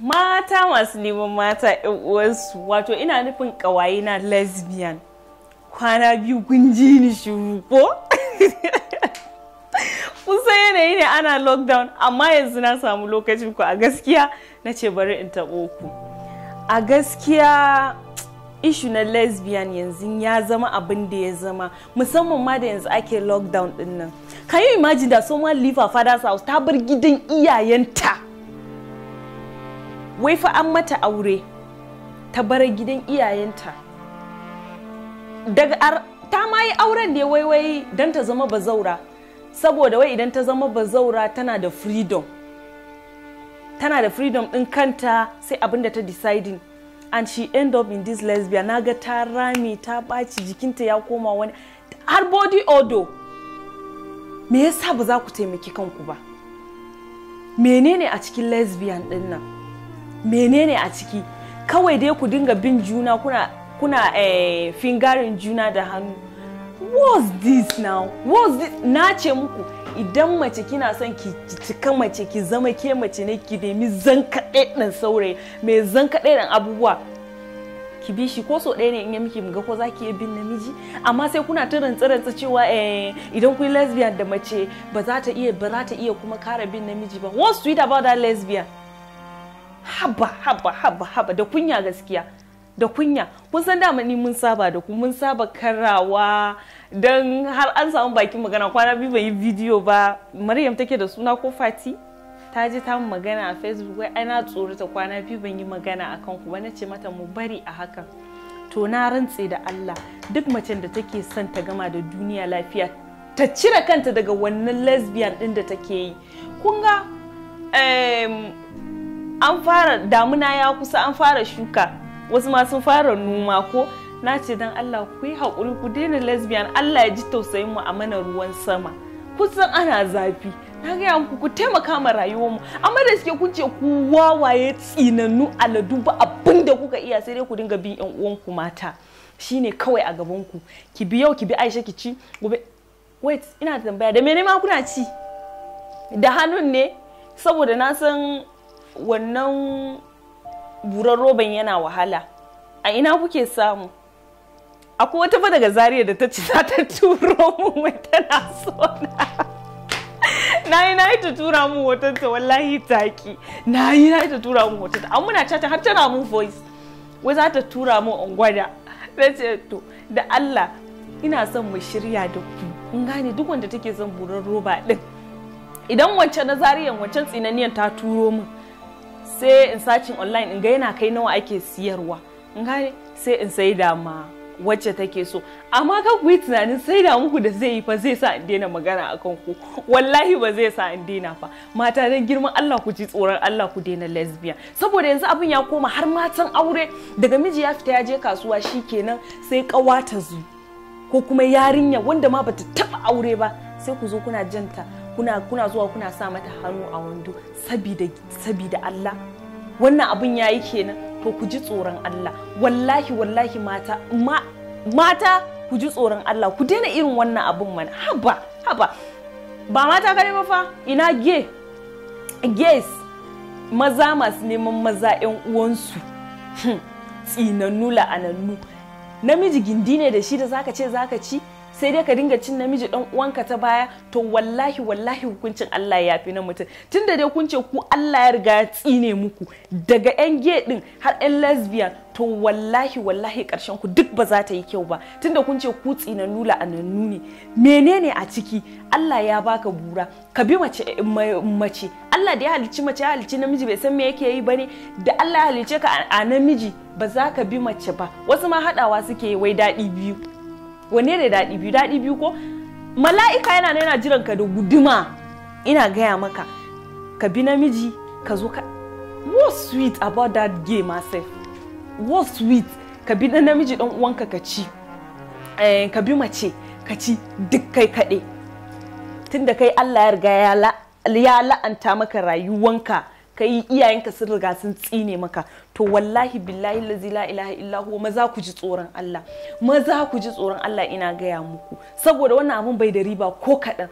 mata masu neman mata uwansu wato ina nufin kawaye na lesbian kwana biyu kunji ni shiru ko kusa yanayi ne ana lockdown amma yanzu na samu lokacin ku a gaskiya na ce bari in taɓo ku a gaskiya ishu na lesbian yanzu ya zama abin da ya zama musamman ma da yanzu ake lockdown dinnan nan can da imagine that someone leave father's house ta bar gidan iyayenta wai fa an mata aure ta bar gidan iyayenta daga ta ma yi auren ne wai wai don ta zama bazaura saboda wai idan ta zama bazaura tana da freedom tana da freedom ɗin kanta sai abin da ta deciding and she end up in this lesbian ga ta rami ta ɓaci jikinta ya koma wani har body odo me yasa ba za ku taimaki kanku ba menene a cikin lesbian ɗin nan menene a ciki kawai dai ku dinga bin juna kuna kuna eh, fingarin juna da hannu what's this now what's this na ce muku idan mace kina son ki cika mace ki zama ke mace ne ki nemi zan kaɗaɗɗen saurayi mai zan kaɗaɗɗen abubuwa ki bi shi ko so ɗaya ne in ya miki ga ko zaki iya bin namiji amma sai kuna ta rantsa cewa eh, idan kun lesbian da mace ba za ta iya ba za ta iya kuma kara bin namiji ba what's sweet about that lesbian haba haba haba haba da kunya gaskiya da kunya kun san dama ni mun saba da ku mun saba karawa don har an samu bakin magana kwana biyu bai yi bidiyo ba maryam take da suna ko fati ta ji ta magana a facebook wai ana tsorata kwana biyu ban yi magana a kanku ku na ce mata mu bari a hakan to na rantse da allah duk macen da take son ta gama da duniya lafiya ta cire kanta daga wannan lesbian din da take yi kun ga an fara damuna ya kusa an fara shuka wasu ma sun fara noma ko na ce dan Allah ku yi haƙuri ku daina lesbian Allah ya ji tausayin mu a mana ruwan sama kusan ana zafi na gaya muku ku taimaka ma rayuwar mu amma da suke kun ce ku wawaye tsinannu aladu ba abin da kuka iya sai dai ku dinga bin yan uwanku mata shine kawai a gaban ku ki bi yau ki bi Aisha ki ci gobe wait ina tambaya da menene ma kuna ci da hannun ne saboda na san wannan buran roban yana wahala a ina kuke samu akwai wata fa daga zariya da ta ci za ta turo mu mai tana so na yi na yi ta tura mu hotonta wallahi taki na yi na yi ta tura mu hotonta an muna cata har tana mun voice wai za ta tura mu in gwada na ce to da Allah ina son mu shirya da ku in gane duk wanda take son buran roba din idan wancan na zariyan wancan tsinaniyan ta turo min sai in sacin online in ga yana kai nawa ake siyarwa in gane sai in sai da ma wacce take so amma ka ku yi tunanin sai da muku da zai yi fa zai sa in daina magana akan ku wallahi ba zai sa in daina fa mata dan girman Allah ku ji tsoron Allah ku daina lesbian saboda yanzu abin ya koma har matan aure daga miji ya fita ya je kasuwa shikenan sai ta zu ko kuma yarinya wanda ma bata taba aure ba sai ku zo kuna janta kuna kuna zuwa kuna sa mata hannu a wando sabida saboda Allah wannan abun yayi kenan to ku ji tsoron Allah wallahi wallahi mata ma, mata ku ji tsoron Allah ku daina irin wannan abun mana haba haba ba mata kare ba fa ina ge ges maza masu neman maza yan uwansu hmm. tsinannu la'anannu namiji gindi ne da shi da zaka ce zaka ci sai dai ka dinga cin namiji dan uwanka ta baya to wallahi wallahi hukuncin Allah ya fi na mutum tunda dai kun ce ku Allah ya riga tsine muku daga yan gedin har yan lesbian to wallahi wallahi karshen ku duk ba za ta yi kyau ba tunda kun ce ku tsina a nanu ne menene a ciki Allah ya baka bura ka bi mace mace Allah da ya halicci mace ya halicci namiji bai san me yake yi bane da Allah ya halicce ka a namiji ba za ka bi mace ba wasu ma hadawa suke wai dadi biyu wanne ne daɗi biyu daɗi biyu ko mala'ika yana yana jiran ka da guduma ina gaya maka ka bi namiji ka zo ka what sweet about that gay myself what sweet ka bi namiji dan uwanka ka ci eh, ka bi mace ka ci duk kai kaɗe tunda kai Allah ya riga ya la'anta maka rayuwanka yi iyayenka sun riga sun tsine maka to wallahi billahi la ilaha maza ku ji tsoron Allah maza ku ji tsoron Allah ina gaya muku saboda wannan abun bai da riba ko kaɗan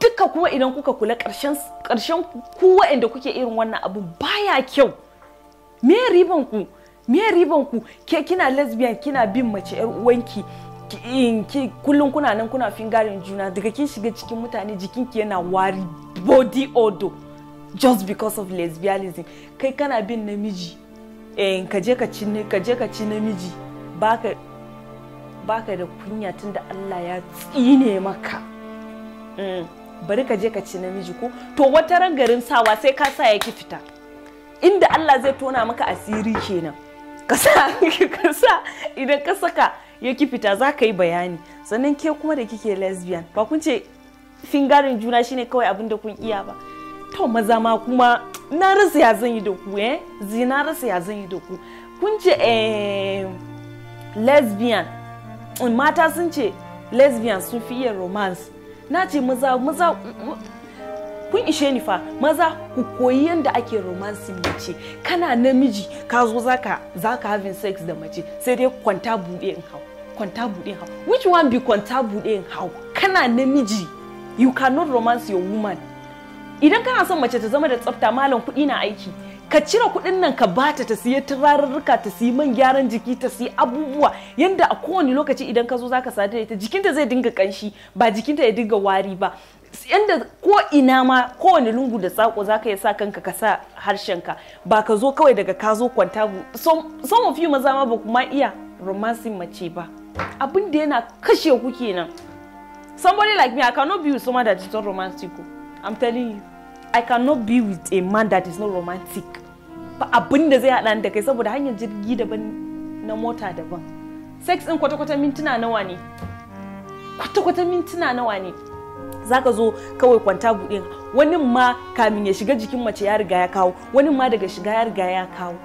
duka kuma idan kuka kula ƙarshen ku waɗanda kuke irin wannan abun baya kyau me riban ku me riban ku ke kina lesbian kina bin mace yar uwanki kullum kuna nan kuna fingarin juna daga kin shiga cikin mutane jikinki yana wari body odor just because of lesbianism kai kana bin namiji eh ka ka ci ka namiji baka da kunya tunda Allah ya tsine maka mm. bari ka je ka ci namiji ko to wata ran garin sawa sai ka sa yaki fita inda Allah zai tona maka asiri kenan ka sa ka sa idan ka saka yaki fita za ka yi bayani sannan ke kuma da kike lesbian ba kun ce fingarin juna shine kawai abin da kun iya ba to maza ma kuma na rasa ya zan yi da ku eh zina rasa ya zan yi da ku kun ce eh lesbian mm, mata sun ce lesbian sun fi yin romance na ce maza maza mm, mm. kun ishe ni fa maza ku koyi yadda ake romancing mace kana namiji ka zo zaka zaka having sex da mace sai dai kwanta bude in hau kwanta bude in hau which one be kwanta bude in hau kana namiji you cannot romance your woman idan kana son mace ta zama da tsafta malam kuɗi na aiki ka cire kuɗin nan ka bata ta siya turarurruka ta siya man gyaran jiki ta siya abubuwa Yadda a kowane lokaci idan ka zo ka sadu da ita jikinta zai dinga ƙanshi ba jikinta ya dinga wari ba yanda ko ina ma kowane lungu da sako zaka ya sa kanka ka sa ka, ba ka zo kawai daga ka zo kwanta some of you maza ma ba kuma iya romancing mace ba Abinda yana kashe ku kenan somebody like me i cannot be with someone that is not romantic I'm telling you, I cannot be with a man that is not romantic. Ba abin da zai haɗa da kai saboda hanyar jirgi daban na mota daban. Sex ɗin kwata-kwata mintuna nawa ne? Kwata-kwata mintuna nawa ne? Zaka zo kawai kwanta buɗe wani ma kamin ya shiga jikin mace ya riga ya kawo wani ma daga shiga ya riga ya kawo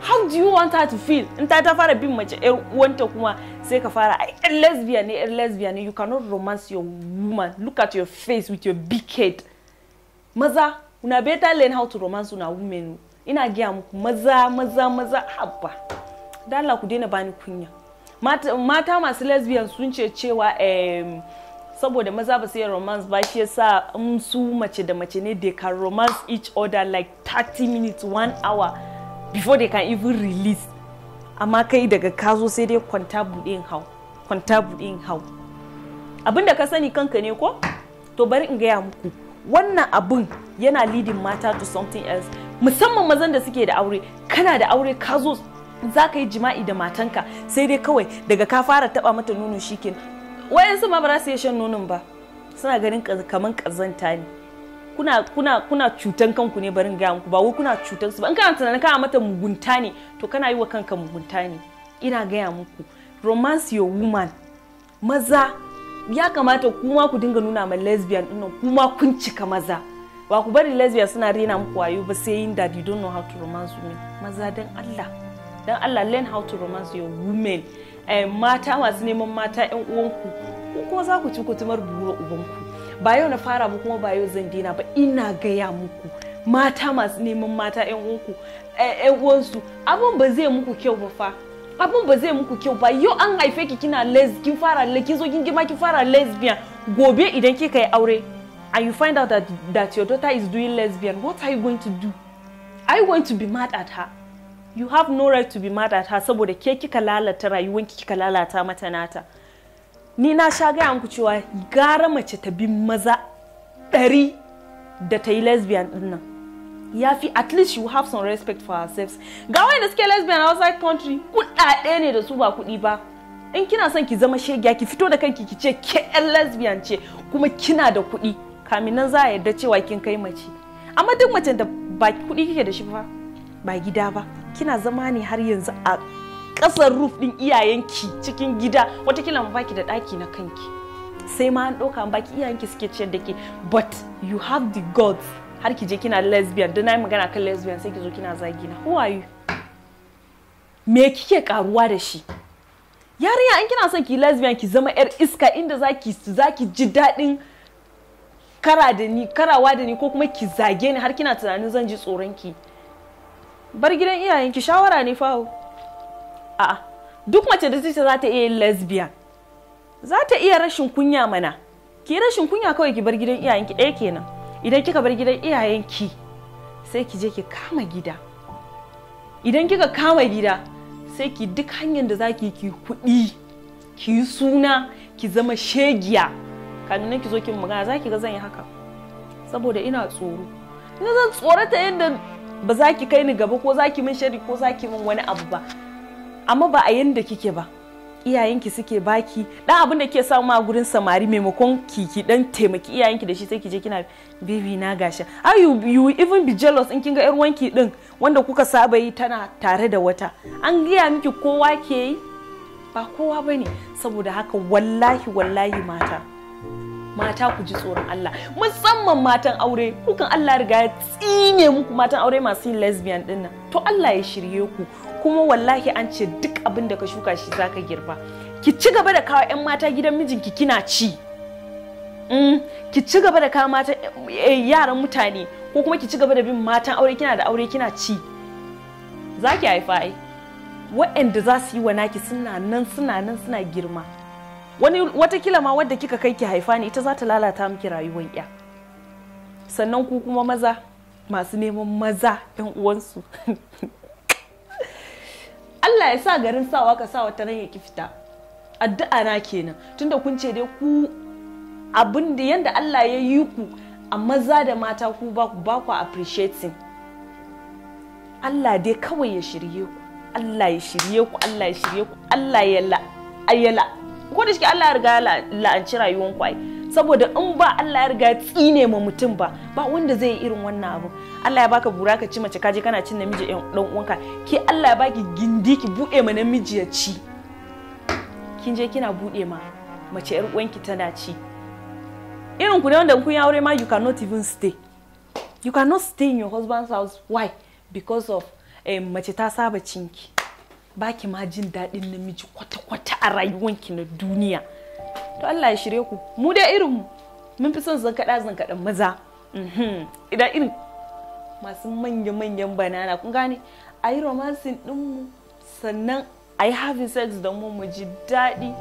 how do you want her to feel in ta ta fara bin mace yar uwanta kuma sai ka fara ai yar lesbian ne yar lesbian ne you cannot romance your woman look at your face with your big head maza una better learn how to romance una women ina giya muku maza maza maza habba da Allah ku daina bani kunya mata, masu lesbian sun ce cewa saboda maza ba su yi romance ba shi yasa in su mace da mace ne they can romance each other like 30 minutes one hour before they can even release amma kai daga kazo sai dai kwanta buɗe hau kwanta buɗe hau abinda ka sani kanka ne ko to bari in gaya muku wannan abun yana leading mata to something else musamman mazan da suke da aure kana da aure ka zo za ka yi jima'i da matanka sai dai kawai daga ka fara taba mata nono shikin wayansu ma ba za su iya shan nonon ba suna ganin kaman kazanta ne kuna cutan kanku ne barin gaya muku ba wai kuna cutan su ba in kana tunanin kana mata mugunta ne to kana yi wa kanka mugunta ne ina gaya muku romance your woman maza ya kamata kuma ku dinga nuna ma lesbian ɗin kuma kun cika maza ba ku bari lesbian suna rena muku wayo ba sai yin daddy don know how to romance women maza don Allah don Allah learn how to romance your women eh, mata masu neman mata yan uwanku ku kuma za ku ci kutumar buwa ubanku ba yau na fara ba kuma ba yau zan dina ba ina gaya muku mata masu neman mata yan uwanku yan eh, uwansu abin ba zai muku kyau ba fa Abun ba zai muku kyau ba yau an haife ki kina les kin fara le kin zo kin girma kin fara lesbian gobe idan kika yi aure and you find out that that your daughter is doing lesbian what are you going to do are you going to be mad at her you have no right to be mad at her saboda ke kika lalata rayuwanki kika lalata mata nata ni na sha gaya muku cewa gara mace ta bi maza ɗari da ta yi lesbian ɗin nan yafi at least you have some respect for ourselves ga wanda suke lesbian outside country kuɗaɗe ne da su ba kuɗi ba in kina son ki zama shegiya ki fito da kanki ki ce ke yan lesbian ce kuma kina da kuɗi kamin nan za a yarda cewa kin kai mace amma duk macen da ba kuɗi kike da shi fa ba gida ba kina zama ne har yanzu a ƙasar roof din iyayenki cikin gida wata kila ma baki da ɗaki na kanki sai ma an ɗauka baki iyayenki suke ciyar da ke but you have the gods har ki je kina lesbian da na yi magana kan lesbian sai ki zo kina zagi na who are you me kike karuwa da shi yarinya an kina son ki lesbian ki zama yar iska inda zaki zaki ji dadin kara da ni karawa da ni ko kuma ki zage ni har kina tunanin zan ji tsoron ki bar gidan iyayen ki shawara ne fa a'a duk mace da zai za ta iya yin lesbian za ta iya rashin kunya mana ki rashin kunya kawai ki bar gidan iyayen ki ɗaya kenan idan kika bar gidan iyayenki sai ki je ki kama gida idan kika kama gida sai ki duk hanyar da za ki ki kuɗi ki yi suna ki zama shegiya kamin ki zo ki magana za ki ga zan yi haka saboda ina tsoro ina zan tsorata yadda ba za ki kai ni gaba ko za ki min shari ko za ki min wani abu ba amma ba a yadda kike ba iyayenki suke baki dan abin da ke samu a gurin samari maimakon kiki dan taimaki iyayenki da shi sai ki je kina baby na gashi are you you even be jealous in kin ga yar wanki din wanda kuka saba yi tana tare da wata an gaya miki kowa ke yi ba kowa bane saboda haka wallahi wallahi mata mata ku ji tsoron Allah musamman matan aure kukan Allah riga ya tsine muku matan aure masu yin lesbian din nan to Allah ya shirye ku kuma wallahi an ce duk abin da ka shuka shi zaka girba ki ci gaba da kawo 'yan mata gidan mijinki kina ci mm, ki ci gaba da kawo mata eh, yaran mutane ko kuma ki ci gaba da bin matan aure kina da aure kina ci za haifa ai waɗanda za su yi wa naki suna nan suna nan suna girma wani watakila ma wadda kika kai ki haifa ne ita za ta lalata miki rayuwar ya sannan ku kuma maza masu neman maza yan uwansu Allah ya sa garin sawa ka sa wata ran ya ki fita addu'a na kenan tunda kun ce dai ku abin da yanda Allah ya yi ku a maza da mata ku ba ku ba ku appreciating Allah dai kawai ya shirye ku Allah ya shirye ku Allah ya shirye ku Allah ya la ko da shi Allah ya riga la'anci rayuwar kwai saboda in ba Allah ya riga tsine ma mutum ba ba wanda zai yi irin wannan abu Allah ya baka bura ka ci mace kaje kana cin namiji dan uwanka ke Allah ya baki gindi ki bude ma namiji ya ci kin je kina bude ma mace yar uwanki tana ci irin ku ne wanda kun ya aure ma you cannot even stay you cannot stay in your husband's house why because of eh, mace ta saba cinki Baki ma jin daɗin namiji kwata-kwata a rayuwanki na duniya to Allah ya shirye ku mu da irin mun fi son zankaɗa zankaɗan maza mhm. idan irin masu manya-manyan banana kun gane a yi romancing ɗinmu sannan a yi having sex da mu mu ji daɗi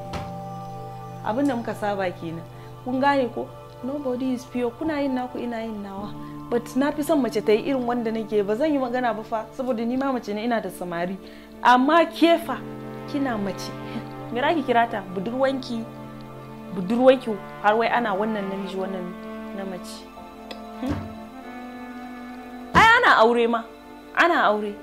abin da muka saba kenan kun gane ko nobody is pure kuna yin naku ina yin nawa but na fi son mace ta yi irin wanda nake ba zan yi magana ba fa saboda ni ma mace ne ina da samari amma kefa kina mace mira ki kira ta budurwanki budurwanki har wai ana wannan namiji wannan na mace hmm? ai ana aure ma ana aure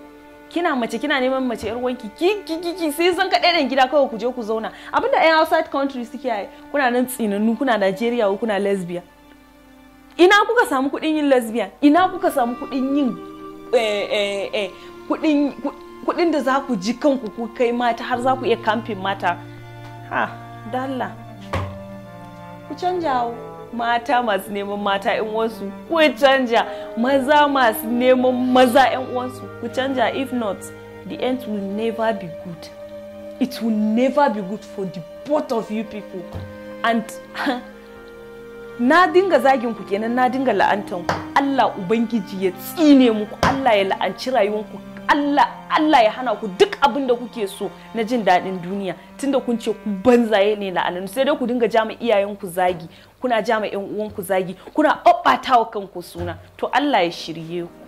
kina mace kina neman mace yar wanki ki ki ki sai zan ka ɗayan gida kawai ku je ku zauna abinda ɗayan outside country suke yi kuna nan tsinannu kuna Najeriya kuna lesbian ina kuka samu kuɗin yin lesbian ina kuka samu kuɗin yin eh eh eh kuɗin kuɗin da za ku ji kanku ku kai mata har za ku iya kamfin mata ha dalla ku canja mata masu neman mata yan uwansu ku canja maza masu neman maza yan uwansu ku canja if not the end will never be good it will never be good for the both of you people and na dinga zagin ku kenan na dinga la'antan ku Allah ubangiji ya tsine muku Allah ya la'anci rayuwanku Allah Allah ya hana ku duk abin da kuke so na jin daɗin duniya tunda kun ce ku banzaye ne alamu sai dai ku dinga jama iyayen ku zagi kuna jama uwan ku zagi kuna wa kanku suna to Allah ya shirye ku